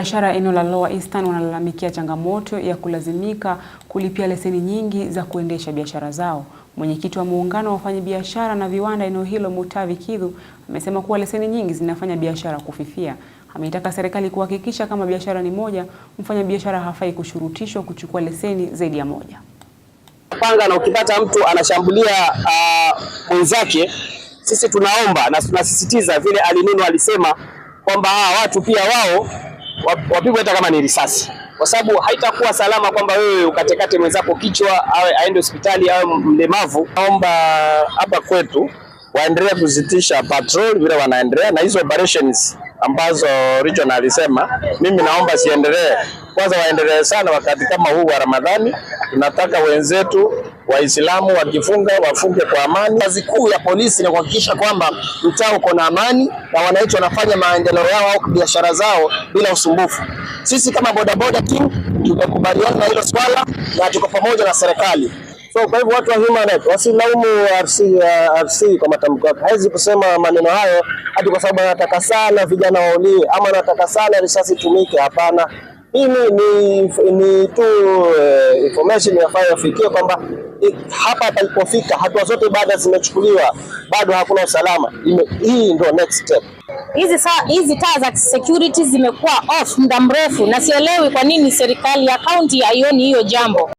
Biashara eneo la Lower Eastern wanalalamikia changamoto ya kulazimika kulipia leseni nyingi za kuendesha biashara zao. Mwenyekiti wa muungano wa wafanyabiashara na viwanda eneo hilo Mutavi Kidhu amesema kuwa leseni nyingi zinafanya biashara kufifia. Ameitaka serikali kuhakikisha kama biashara ni moja, mfanyabiashara hafai kushurutishwa kuchukua leseni zaidi ya moja. Panga na ukipata mtu anashambulia ah, mwenzake, uh, sisi tunaomba na tunasisitiza vile Alinunu alisema kwamba hawa ah, watu pia wao wapigwe hata kama ni risasi, kwa sababu haitakuwa salama kwamba wewe ukatekate mwenzako kichwa, awe aende hospitali, awe mlemavu. Naomba hapa kwetu waendelee kuzitisha patrol vile wanaendelea na hizo operations ambazo Richo alisema. Mimi naomba siendelee, kwanza waendelee sana wakati kama huu wa Ramadhani. Tunataka wenzetu Waislamu wakifunga wafunge kwa amani. Kazi kuu ya polisi ni kuhakikisha kwamba mtaa uko na amani na wananchi wanafanya maendeleo yao au biashara zao bila usumbufu. Sisi kama bodaboda team tumekubaliana na hilo swala na tuko pamoja na serikali. So kwa hivyo watu wa human rights wasilaumu RC, uh, RC kwa matamko yake. Hawezi kusema maneno hayo hadi kwa sababu anataka sana vijana waulie ama anataka sana risasi tumike. Hapana, mimi ni, ni, tu uh, information inafaa yafikie kwamba Eh, hapa palipofika, hatua zote baada zimechukuliwa, bado hakuna usalama. Hii ndio next step. Hizi saa hizi taa za security zimekuwa off muda mrefu, na sielewi kwa nini serikali ya kaunti haioni hiyo jambo.